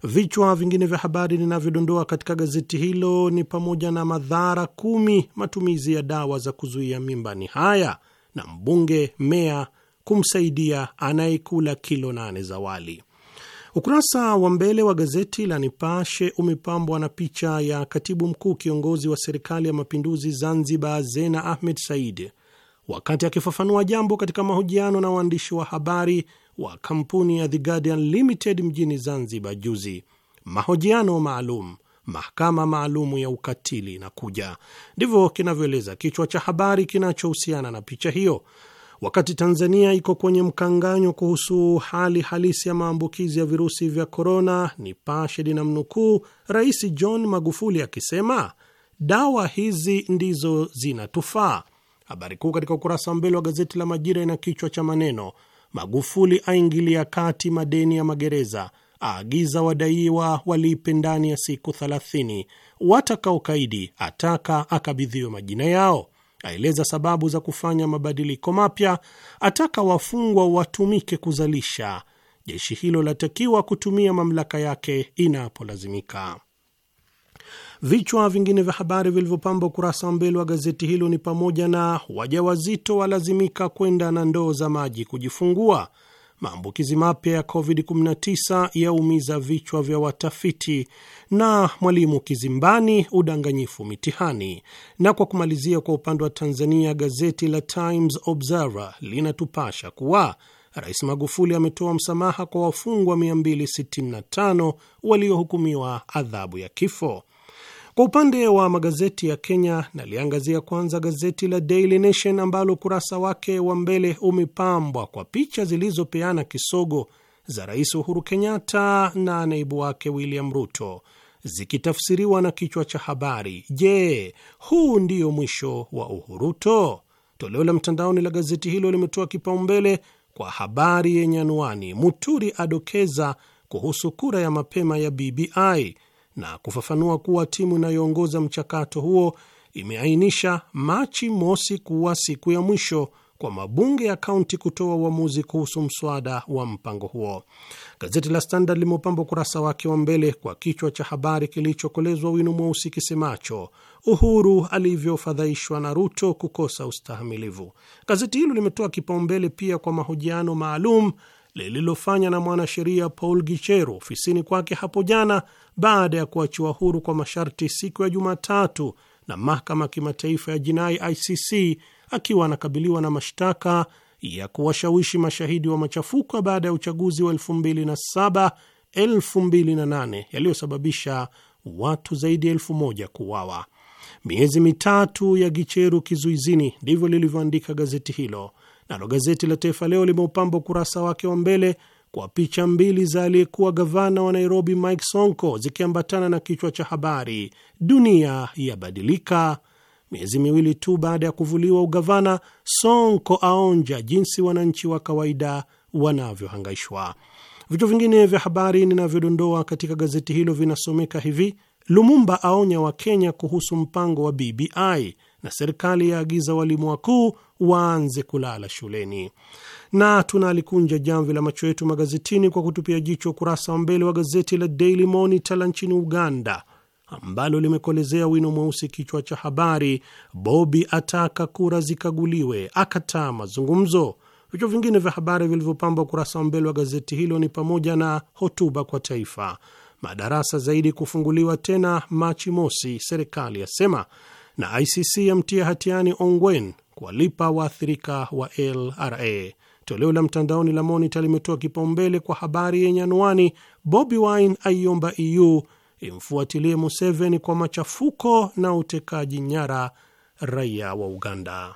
Vichwa vingine vya habari ninavyodondoa katika gazeti hilo ni pamoja na madhara kumi matumizi ya dawa za kuzuia mimba ni haya, na mbunge meya kumsaidia anayekula kilo nane za wali. Ukurasa wa mbele wa gazeti la Nipashe umepambwa na picha ya katibu mkuu kiongozi wa serikali ya mapinduzi Zanzibar, Zena Ahmed Said, wakati akifafanua jambo katika mahojiano na waandishi wa habari wa kampuni ya The Guardian Limited mjini Zanzibar juzi. Mahojiano maalum, mahakama maalumu ya ukatili inakuja, ndivyo kinavyoeleza kichwa cha habari kinachohusiana na picha hiyo. Wakati Tanzania iko kwenye mkanganyo kuhusu hali halisi ya maambukizi ya virusi vya korona, Nipashe linamnukuu Rais John Magufuli akisema dawa hizi ndizo zinatufaa. Habari kuu katika ukurasa wa mbele wa gazeti la Majira ina kichwa cha maneno Magufuli aingilia kati madeni ya magereza, aagiza wadaiwa walipe ndani ya siku 30, watakaokaidi ataka akabidhiwe majina yao, aeleza sababu za kufanya mabadiliko mapya, ataka wafungwa watumike kuzalisha. Jeshi hilo latakiwa kutumia mamlaka yake inapolazimika. Vichwa vingine vya habari vilivyopamba ukurasa wa mbele wa gazeti hilo ni pamoja na wajawazito walazimika kwenda na ndoo za maji kujifungua, maambukizi mapya ya COVID-19 yaumiza vichwa vya watafiti, na mwalimu kizimbani, udanganyifu mitihani. Na kwa kumalizia, kwa upande wa Tanzania, gazeti la Times Observer linatupasha kuwa Rais Magufuli ametoa msamaha kwa wafungwa 265 waliohukumiwa adhabu ya kifo. Kwa upande wa magazeti ya Kenya, naliangazia kwanza gazeti la Daily Nation ambalo ukurasa wake wa mbele umepambwa kwa picha zilizopeana kisogo za Rais Uhuru Kenyatta na naibu wake William Ruto zikitafsiriwa na kichwa cha habari, Je, huu ndio mwisho wa Uhuruto? Toleo la mtandaoni la gazeti hilo limetoa kipaumbele kwa habari yenye anwani, Muturi adokeza kuhusu kura ya mapema ya BBI na kufafanua kuwa timu inayoongoza mchakato huo imeainisha Machi mosi kuwa siku ya mwisho kwa mabunge ya kaunti kutoa uamuzi kuhusu mswada wa mpango huo. Gazeti la Standard limeupamba ukurasa wake wa mbele kwa kichwa cha habari kilichokolezwa wino mweusi kisemacho Uhuru alivyofadhaishwa na Ruto kukosa ustahamilivu. Gazeti hilo limetoa kipaumbele pia kwa mahojiano maalum lililofanya na mwanasheria Paul Gicheru ofisini kwake hapo jana baada ya kuachiwa huru kwa masharti siku ya Jumatatu na mahakama ya kimataifa ya jinai ICC akiwa anakabiliwa na mashtaka ya kuwashawishi mashahidi wa machafuko baada ya uchaguzi wa 2007 2008 yaliyosababisha watu zaidi ya elfu moja kuuawa. Miezi mitatu ya Gicheru kizuizini, ndivyo lilivyoandika gazeti hilo. Nalo gazeti la Taifa Leo limeupamba ukurasa wake wa mbele kwa picha mbili za aliyekuwa gavana wa Nairobi Mike Sonko zikiambatana na kichwa cha habari, dunia yabadilika. Miezi miwili tu baada ya kuvuliwa ugavana, Sonko aonja jinsi wananchi wa kawaida wanavyohangaishwa. Vichwa vingine vya habari ninavyodondoa katika gazeti hilo vinasomeka hivi: Lumumba aonya Wakenya kuhusu mpango wa BBI na serikali yaagiza walimu wakuu waanze kulala shuleni. Na tunalikunja jamvi la macho yetu magazetini kwa kutupia jicho ukurasa wa mbele wa gazeti la Daily Monitor la nchini Uganda ambalo limekolezea wino mweusi kichwa cha habari, Bobi ataka kura zikaguliwe, akataa mazungumzo. Vichwa vingine vya habari vilivyopamba ukurasa wa mbele wa gazeti hilo ni pamoja na hotuba kwa taifa, madarasa zaidi kufunguliwa tena Machi mosi, serikali yasema, na ICC yamtia hatiani Ongwen kuwalipa waathirika wa LRA. Toleo la mtandaoni la Monita limetoa kipaumbele kwa habari yenye anwani Bobi Wine aiomba EU imfuatilie Museveni kwa machafuko na utekaji nyara raia wa Uganda.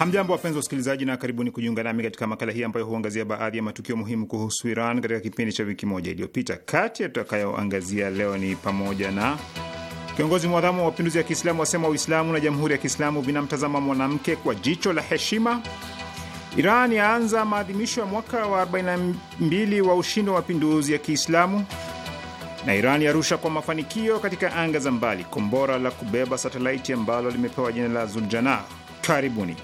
Hamjambo, wapenzi wa usikilizaji, na karibuni kujiunga nami katika makala hii ambayo huangazia baadhi ya matukio muhimu kuhusu Iran katika kipindi cha wiki moja iliyopita. Kati ya tutakayoangazia leo ni pamoja na kiongozi mwadhamu wa mapinduzi ya Kiislamu wasema Uislamu na Jamhuri ya Kiislamu vinamtazama mwanamke kwa jicho la heshima. Iran yaanza maadhimisho ya mwaka wa 42 wa ushindi wa mapinduzi ya Kiislamu, na Iran yarusha kwa mafanikio katika anga za mbali kombora la kubeba satelaiti ambalo limepewa jina la Zuljana. Karibuni.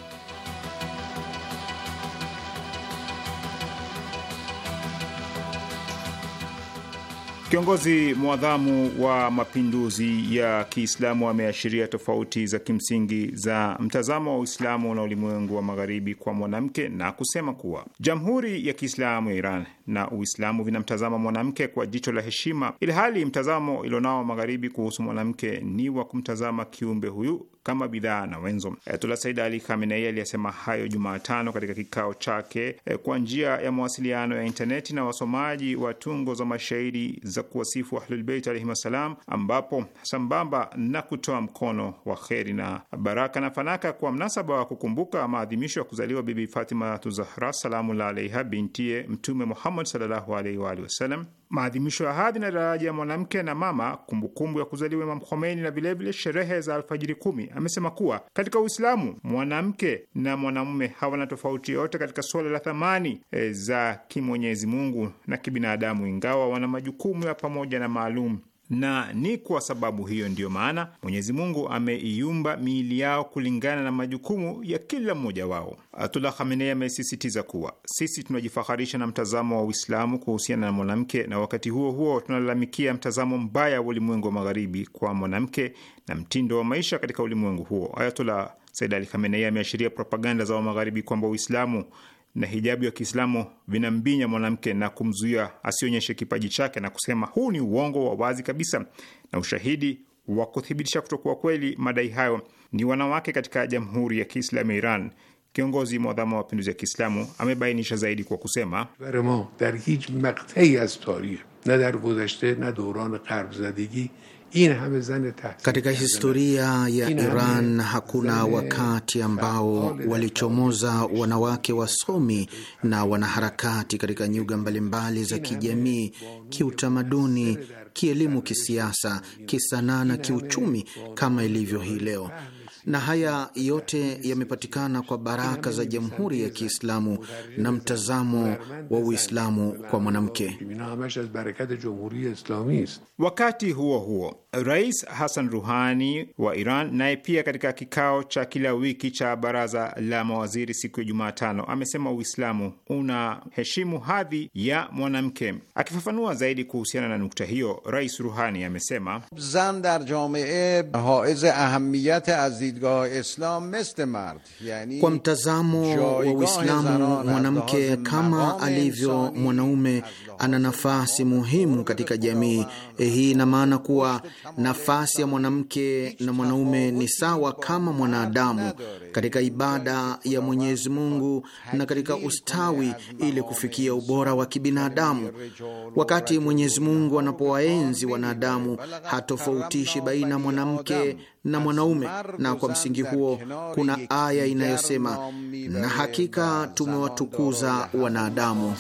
Kiongozi mwadhamu wa mapinduzi ya Kiislamu ameashiria tofauti za kimsingi za mtazamo wa Uislamu na ulimwengu wa Magharibi kwa mwanamke na kusema kuwa Jamhuri ya Kiislamu ya Iran na Uislamu vinamtazama mwanamke kwa jicho la heshima, ilhali mtazamo ilionao Magharibi kuhusu mwanamke ni wa kumtazama kiumbe huyu kama bidhaa na wenzo. Ayatullah Said Ali Khamenei aliyesema hayo Jumatano katika kikao chake eh, kwa njia ya mawasiliano ya intaneti na wasomaji wa tungo za mashairi za kuwasifu Ahlulbeit alaihim wassalam, ambapo sambamba na kutoa mkono wa kheri na baraka na fanaka kwa mnasaba wa kukumbuka maadhimisho ya kuzaliwa Bibi Fatima Tuzahra salamu la alaiha bintie Mtume Muhammad sallallahu alaihi waalihi wasalam maadhimisho ya hadhi na daraja ya mwanamke na mama, kumbukumbu kumbu ya kuzaliwa Imam Khomeini na vilevile sherehe za Alfajiri Kumi. Amesema kuwa katika Uislamu mwanamke na mwanamume hawana tofauti yoyote katika suala la thamani e, za kimwenyezi Mungu na kibinadamu, ingawa wana majukumu ya pamoja na maalum na ni kwa sababu hiyo ndiyo maana Mwenyezi Mungu ameiumba miili yao kulingana na majukumu ya kila mmoja wao. Ayatullah Khamenei amesisitiza kuwa sisi tunajifaharisha na mtazamo wa Uislamu kuhusiana na mwanamke, na wakati huo huo tunalalamikia mtazamo mbaya wa ulimwengu wa magharibi kwa mwanamke na mtindo wa maisha katika ulimwengu huo. Ayatullah Said Ali Khamenei ameashiria propaganda za Wamagharibi kwamba Uislamu na hijabu ya Kiislamu vinambinya mwanamke na kumzuia asionyeshe kipaji chake na kusema huu ni uongo wa wazi kabisa. Na ushahidi wa kuthibitisha kutokuwa kweli madai hayo ni wanawake katika Jamhuri ya Kiislamu ya Iran. Kiongozi mwadhama wa mapinduzi ya Kiislamu amebainisha zaidi kwa kusema katika historia ya Iran hakuna wakati ambao walichomoza wanawake wasomi na wanaharakati katika nyuga mbalimbali za kijamii, kiutamaduni, kielimu, kisiasa, kisanaa na kiuchumi kama ilivyo hii leo na haya yote yamepatikana kwa baraka za Jamhuri ya Kiislamu na mtazamo wa Uislamu kwa mwanamke. Wakati huo huo, Rais Hassan Ruhani wa Iran naye pia katika kikao cha kila wiki cha baraza la mawaziri siku ya Jumatano amesema Uislamu unaheshimu hadhi ya mwanamke. Akifafanua zaidi kuhusiana na nukta hiyo, Rais Ruhani amesema zan dar jamee haiz ahamiyat azid kwa mtazamo wa Uislamu, mwanamke kama alivyo mwanaume ana nafasi muhimu katika jamii. Eh, hii ina maana kuwa nafasi ya mwanamke na mwanaume ni sawa kama mwanadamu katika ibada ya Mwenyezi Mungu na katika ustawi, ili kufikia ubora wa kibinadamu. Wakati Mwenyezi Mungu anapowaenzi wanadamu, hatofautishi baina mwanamke na mwanaume, na kwa msingi huo kuna aya inayosema, na hakika tumewatukuza wanadamu.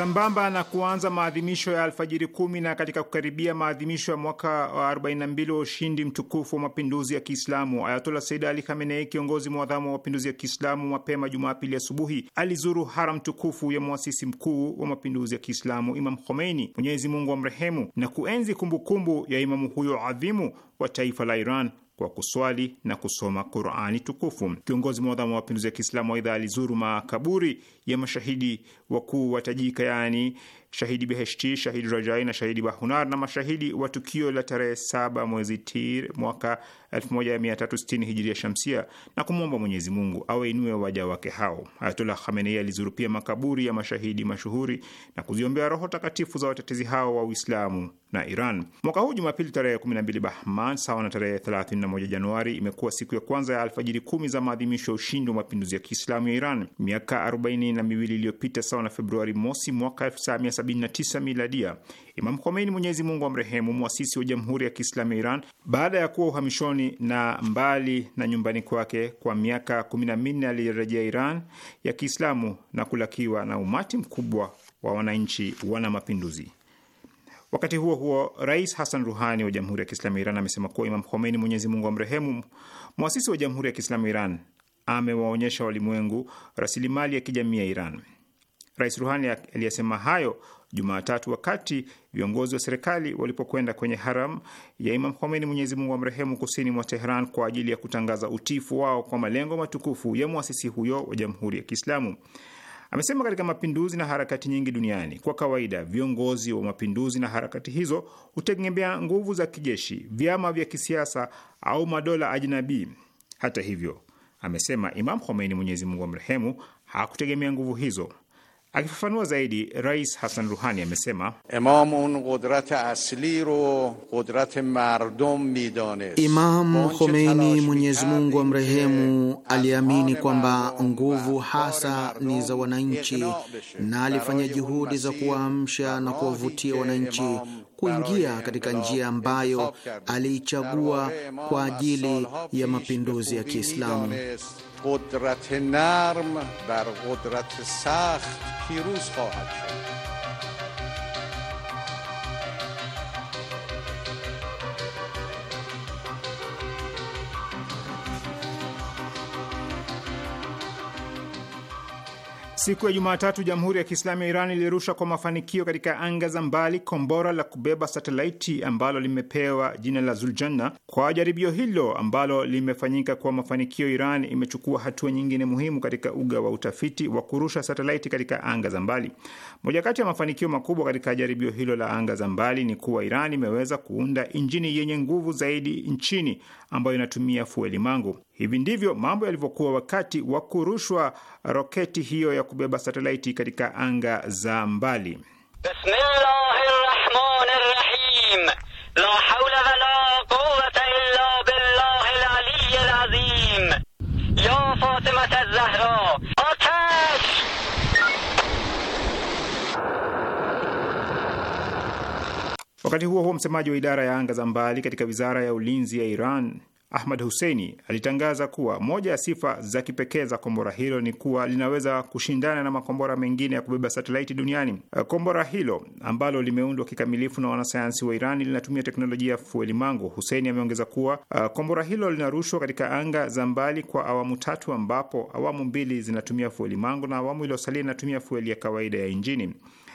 sambamba na kuanza maadhimisho ya alfajiri kumi na katika kukaribia maadhimisho ya mwaka wa 42 wa ushindi mtukufu wa mapinduzi ya Kiislamu, Ayatola Said Ali Khamenei, kiongozi mwadhamu wa mapinduzi ya Kiislamu, mapema Jumapili asubuhi alizuru haram tukufu ya mwasisi mkuu wa mapinduzi ya Kiislamu, Imam Khomeini, Mwenyezi Mungu amrehemu, na kuenzi kumbukumbu kumbu ya imamu huyo adhimu wa taifa la Iran kwa kuswali na kusoma Qurani tukufu. Kiongozi mwadhamu wa mapinduzi ya Kiislamu aidha alizuru makaburi ya mashahidi wakuu Tajika, yaani shahidi Beheshti, shahidi Rajai na shahidi Bahunar na mashahidi wa tukio la tarehe saba mwezi Tir mwaka 1360 hijiria shamsia na kumwomba Mwenyezi Mungu awainue waja wake hao. Ayatullah Khamenei alizuru pia makaburi ya mashahidi mashuhuri na kuziombea roho takatifu za watetezi hao wa Uislamu na Iran. Mwaka huu Jumapili tarehe 12 Bahman sawa na tarehe 31 Januari imekuwa siku ya kwanza ya alfajiri kumi za maadhimisho ya ushindi wa mapinduzi ya Kiislamu ya Iran miaka 42 iliyopita sawa sawa na Februari mosi mwaka 1979 miladia. Imam Khomeini, Mwenyezi Mungu amrehemu, mwasisi wa Jamhuri ya Kiislamu ya Iran, baada ya kuwa uhamishoni na mbali na nyumbani kwake kwa miaka kumi na minne, alirejea Iran ya Kiislamu na kulakiwa na umati mkubwa wa wananchi wana mapinduzi. Wakati huo huo, Rais Hassan Ruhani wa Jamhuri ya Kiislamu ya Iran amesema kuwa Imam Khomeini, Mwenyezi Mungu amrehemu, mwasisi wa Jamhuri ya Kiislamu ya Iran amewaonyesha walimwengu rasilimali ya kijamii ya Iran. Rais Ruhani aliyesema hayo Jumatatu wakati viongozi wa serikali walipokwenda kwenye haram ya Imam Khomeini, Mwenyezi Mungu amrehemu, kusini mwa Tehran kwa ajili ya kutangaza utifu wao kwa malengo matukufu ya mwasisi huyo wa Jamhuri ya Kiislamu. Amesema katika mapinduzi na harakati nyingi duniani, kwa kawaida viongozi wa mapinduzi na harakati hizo hutegemea nguvu za kijeshi, vyama vya kisiasa au madola ajnabii. Hata hivyo, amesema Imam Khomeini, Mwenyezi Mungu amrehemu, hakutegemea nguvu hizo Akifafanua zaidi, Rais Hassan Ruhani amesema Imam Khomeini, Mwenyezi Mungu amrehemu, aliamini kwamba nguvu hasa ni za wananchi, na alifanya juhudi za kuwaamsha na kuwavutia wananchi kuingia katika njia ambayo aliichagua kwa ajili ya mapinduzi ya Kiislamu. Siku ya Jumatatu, Jamhuri ya Kiislamu ya Iran ilirusha kwa mafanikio katika anga za mbali kombora la kubeba satelaiti ambalo limepewa jina la Zuljanna. Kwa jaribio hilo ambalo limefanyika kwa mafanikio, Iran imechukua hatua nyingine muhimu katika uga wa utafiti wa kurusha satelaiti katika anga za mbali. Moja kati ya mafanikio makubwa katika jaribio hilo la anga za mbali ni kuwa Iran imeweza kuunda injini yenye nguvu zaidi nchini ambayo inatumia fueli mangu. Hivi ndivyo mambo yalivyokuwa wakati wa kurushwa roketi hiyo ya kubeba satelaiti katika anga za mbali. Wakati huo huo, msemaji wa idara ya anga za mbali katika wizara ya ulinzi ya Iran Ahmad Huseini alitangaza kuwa moja ya sifa za kipekee za kombora hilo ni kuwa linaweza kushindana na makombora mengine ya kubeba satelaiti duniani. Eh, kombora hilo ambalo limeundwa kikamilifu na wanasayansi wa Irani linatumia teknolojia ya mangu Huseini ameongeza kuwa eh, kombora hilo linarushwa katika anga za mbali kwa awamu tatu, ambapo awamu mbili zinatumia fueli mangu na awamu iliyosalia inatumia fueli ya kawaida ya injini.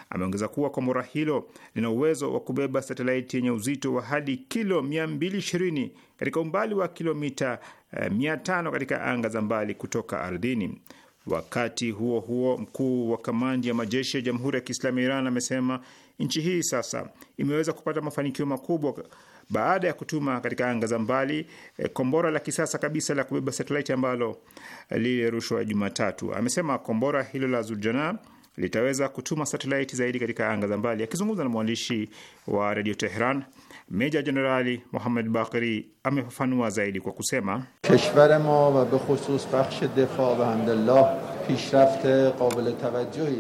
Ameongeza kuwa kombora hilo lina uwezo wa kubeba satelaiti yenye uzito wa hadi kilo 220 katika umbali wa kilomita 500 eh, katika anga za mbali kutoka ardhini. Wakati huo huo, mkuu wa kamandi ya majeshi ya Jamhuri ya Kiislamu ya Iran amesema nchi hii sasa imeweza kupata mafanikio makubwa baada ya kutuma katika anga za mbali e, kombora la kisasa kabisa la kubeba satelaiti ambalo eh, lilirushwa Jumatatu. Amesema kombora hilo la Zuljana litaweza kutuma satelaiti zaidi katika anga za mbali. Akizungumza na mwandishi wa redio Teheran, Meja Jenerali Mohamed Bakri amefafanua zaidi kwa kusema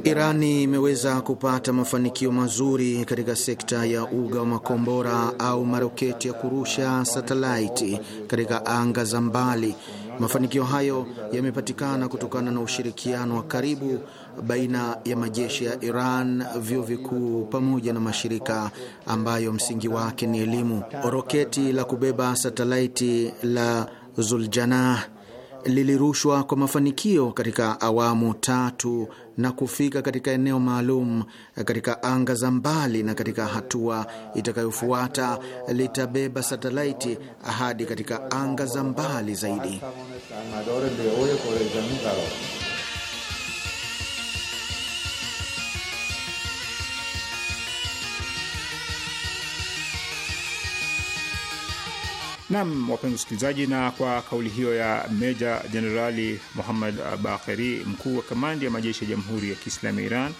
Irani imeweza kupata mafanikio mazuri katika sekta ya uga wa makombora au maroketi ya kurusha satelaiti katika anga za mbali Mafanikio hayo yamepatikana kutokana na ushirikiano wa karibu baina ya majeshi ya Iran, vyuo vikuu pamoja na mashirika ambayo msingi wake ni elimu. Roketi la kubeba satelaiti la Zuljanah lilirushwa kwa mafanikio katika awamu tatu na kufika katika eneo maalum katika anga za mbali, na katika hatua itakayofuata litabeba satelaiti hadi katika anga za mbali zaidi. Nam, wapenzi wasikilizaji, na kwa kauli hiyo ya meja jenerali Muhammad Bakeri, mkuu wa kamandi ya majeshi ya Jamhuri ya Kiislamu ya Iran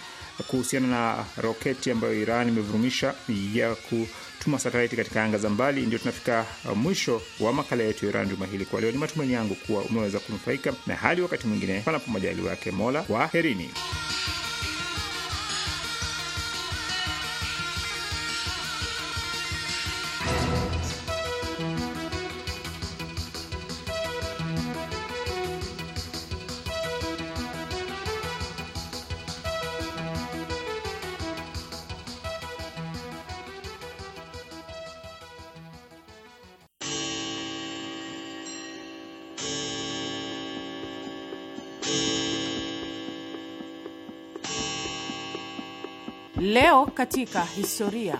kuhusiana na roketi ambayo Iran imevurumisha ya kutuma satelaiti katika anga za mbali. Ndio tunafika mwisho wa makala yetu ya Iran juma hili kwa leo. Ni matumaini yangu kuwa umeweza kunufaika na hali. Wakati mwingine, panapo majaliwa yake Mola, herini katika historia.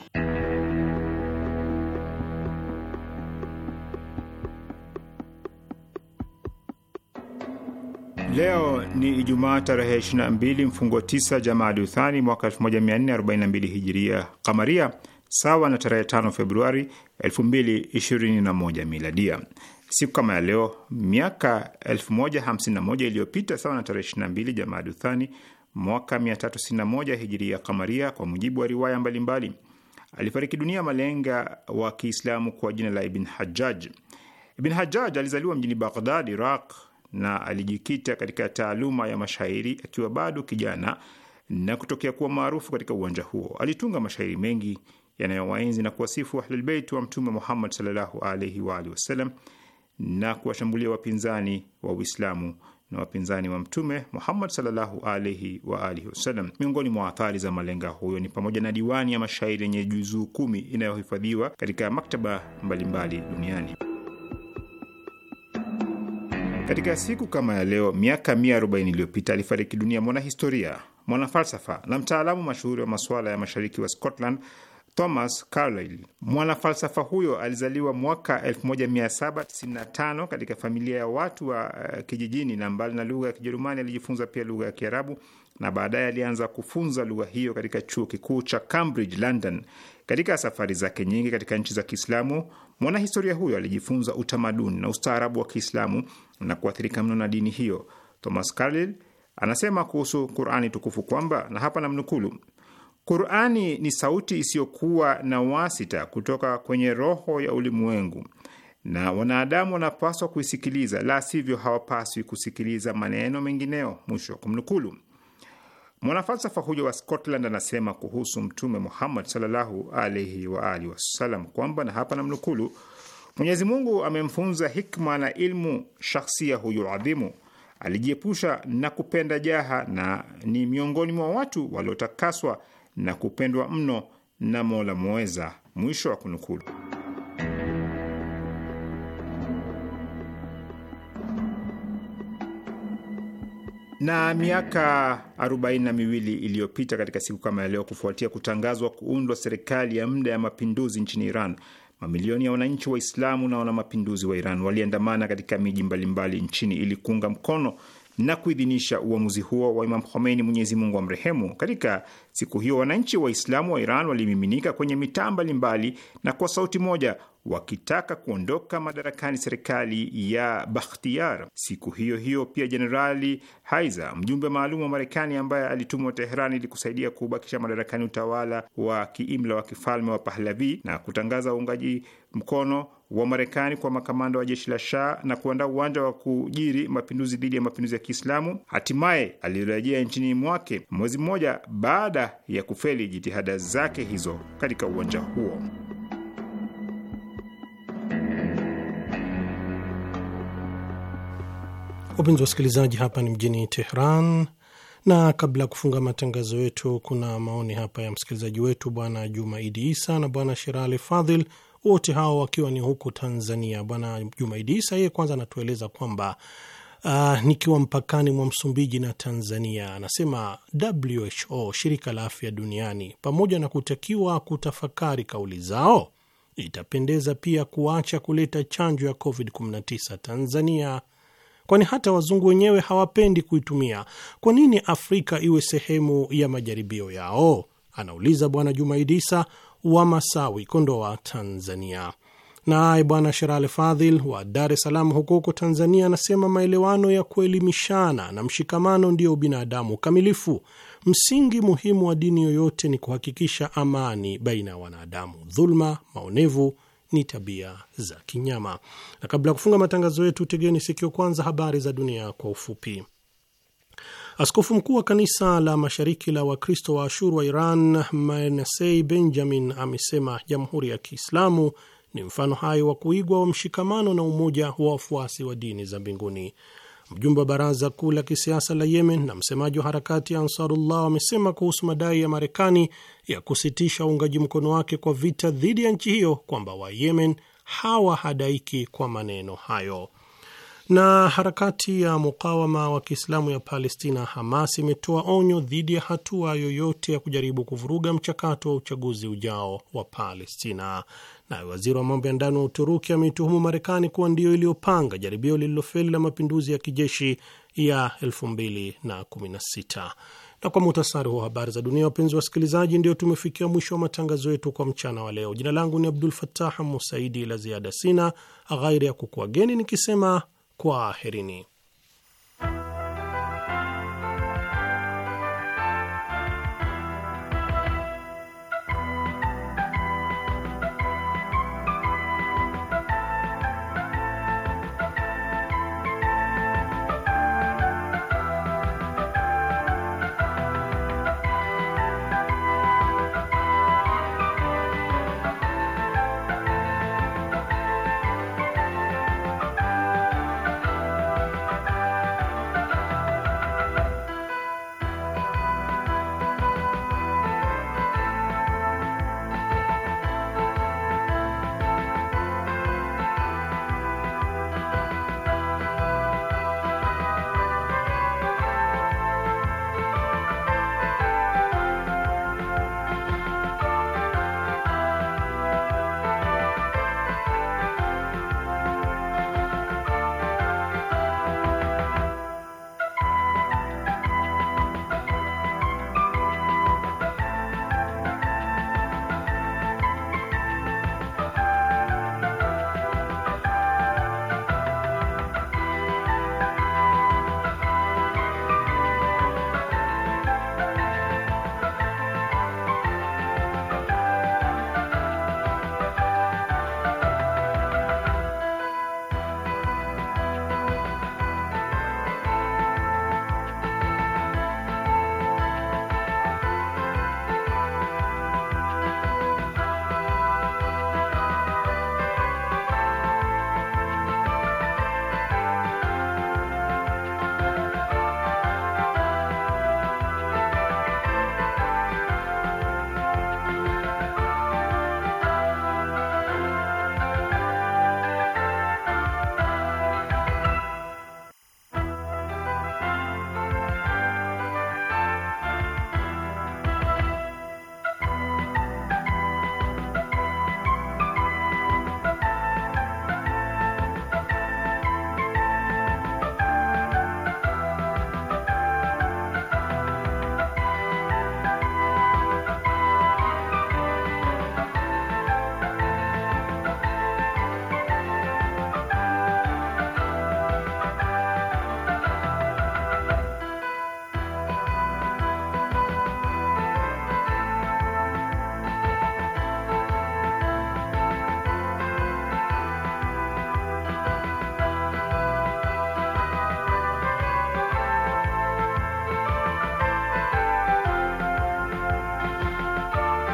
Leo ni Ijumaa tarehe 22 mfungo 9 Jamadi Uthani mwaka 1442 hijiria kamaria, sawa na tarehe 5 Februari 2021 miladia. Siku kama ya leo miaka 1051 iliyopita, sawa na tarehe 22 Jamadi Uthani mwaka 361 hijiria kamaria, kwa mujibu wa riwaya mbalimbali mbali. Alifariki dunia malenga wa Kiislamu kwa jina la Ibn Hajjaj. Ibn Hajjaj alizaliwa mjini Baghdad, Iraq, na alijikita katika taaluma ya mashairi akiwa bado kijana na kutokea kuwa maarufu katika uwanja huo. Alitunga mashairi mengi yanayowaenzi na kuwasifu Ahlulbeit wa Mtume Muhammad sallallahu alaihi wa alihi wasallam na kuwashambulia wapinzani wa Uislamu na wapinzani wa Mtume Muhammad sallallahu alihi wa alihi wasallam. Miongoni mwa athari za malenga huyo ni pamoja na diwani ya mashairi yenye juzuu kumi inayohifadhiwa katika maktaba mbalimbali duniani. Katika siku kama ya leo miaka 140 iliyopita alifariki dunia mwanahistoria, mwanafalsafa na mtaalamu mashuhuri wa masuala ya mashariki wa Scotland Thomas Carlyle. Mwanafalsafa huyo alizaliwa mwaka 1795 katika familia ya watu wa uh, kijijini, na mbali na lugha ya Kijerumani alijifunza pia lugha ya Kiarabu na baadaye alianza kufunza lugha hiyo katika chuo kikuu cha Cambridge, London. Katika safari zake nyingi katika nchi za Kiislamu, mwanahistoria huyo alijifunza utamaduni na ustaarabu wa Kiislamu na kuathirika mno na dini hiyo. Thomas Carlyle anasema kuhusu Qur'ani tukufu kwamba, na hapa namnukulu Qurani ni sauti isiyokuwa na wasita kutoka kwenye roho ya ulimwengu, na wanadamu wanapaswa kuisikiliza, la sivyo hawapaswi kusikiliza maneno mengineo. Mwisho wa kumnukulu. Mwanafalsafa huyo wa Scotland anasema kuhusu Mtume Muhammad sallallahu alaihi wa alihi wasallam kwamba, na hapa namnukulu, Mwenyezi Mungu amemfunza hikma na ilmu shakhsia huyo adhimu alijiepusha na kupenda jaha na ni miongoni mwa watu waliotakaswa na kupendwa mno na Mola Mweza. Mwisho wa kunukulu. Na miaka arobaini na miwili iliyopita katika siku kama ya leo, kufuatia kutangazwa kuundwa serikali ya muda ya mapinduzi nchini Iran, mamilioni ya wananchi Waislamu na wanamapinduzi wa Iran waliandamana katika miji mbalimbali nchini ili kuunga mkono na kuidhinisha uamuzi huo wa Imam Khomeini, Mwenyezi Mungu amrehemu. Katika siku hiyo, wananchi Waislamu wa Iran walimiminika kwenye mitaa mbalimbali na kwa sauti moja wakitaka kuondoka madarakani serikali ya Bakhtiar. Siku hiyo hiyo pia, Jenerali Haiza, mjumbe maalum wa Marekani ambaye alitumwa Teheran ili kusaidia kubakisha madarakani utawala wa kiimla wa kifalme wa Pahlavi na kutangaza uungaji mkono wa Marekani kwa makamanda wa jeshi la Shah na kuandaa uwanja wa kujiri mapinduzi dhidi ya mapinduzi ya Kiislamu. Hatimaye alirejea nchini mwake mwezi mmoja baada ya kufeli jitihada zake hizo katika uwanja huo. Wapenzi wa wasikilizaji, hapa ni mjini Tehran, na kabla ya kufunga matangazo yetu, kuna maoni hapa ya msikilizaji wetu Bwana Juma Idi Isa na Bwana Sherali Fadhil wote hao wakiwa ni huku Tanzania. Bwana Jumaidi Isa yeye kwanza anatueleza kwamba uh, nikiwa mpakani mwa Msumbiji na Tanzania, anasema WHO, shirika la afya duniani, pamoja na kutakiwa kutafakari kauli zao, itapendeza pia kuacha kuleta chanjo ya COVID-19 Tanzania kwani hata wazungu wenyewe hawapendi kuitumia. Kwa nini Afrika iwe sehemu ya majaribio yao? Anauliza Bwana Jumaidisa, wa Masawi, Kondoa, Tanzania. Naye Bwana Sherale Fadhil wa Dar es Salaam huko huko Tanzania anasema maelewano ya kuelimishana na mshikamano ndiyo binadamu ukamilifu. Msingi muhimu wa dini yoyote ni kuhakikisha amani baina ya wanadamu. Dhuluma, maonevu ni tabia za kinyama. Na kabla ya kufunga matangazo yetu, tegeni sikio kwanza habari za dunia kwa ufupi. Askofu mkuu wa kanisa la mashariki la Wakristo wa Ashuru wa Iran, manasei Benjamin, amesema jamhuri ya Kiislamu ni mfano hai wa kuigwa wa mshikamano na umoja wa wafuasi wa dini za mbinguni. Mjumbe wa baraza kuu la kisiasa la Yemen na msemaji wa harakati ya Ansarullah wamesema kuhusu madai ya Marekani ya kusitisha uungaji mkono wake kwa vita dhidi ya nchi hiyo kwamba Wayemen hawahadaiki kwa maneno hayo. Na harakati ya mukawama wa Kiislamu ya Palestina Hamas imetoa onyo dhidi ya hatua yoyote ya kujaribu kuvuruga mchakato wa uchaguzi ujao wa Palestina. Naye waziri wa mambo ya ndani wa Uturuki ameituhumu Marekani kuwa ndiyo iliyopanga jaribio lililofeli la mapinduzi ya kijeshi ya 2016 na kwa muhtasari wa habari za dunia, wapenzi wa wasikilizaji, ndio tumefikia mwisho wa matangazo yetu kwa mchana wa leo. Jina langu ni Abdul fatah Musaidi, la ziada sina ghairi ya kukuageni nikisema Kwaherini.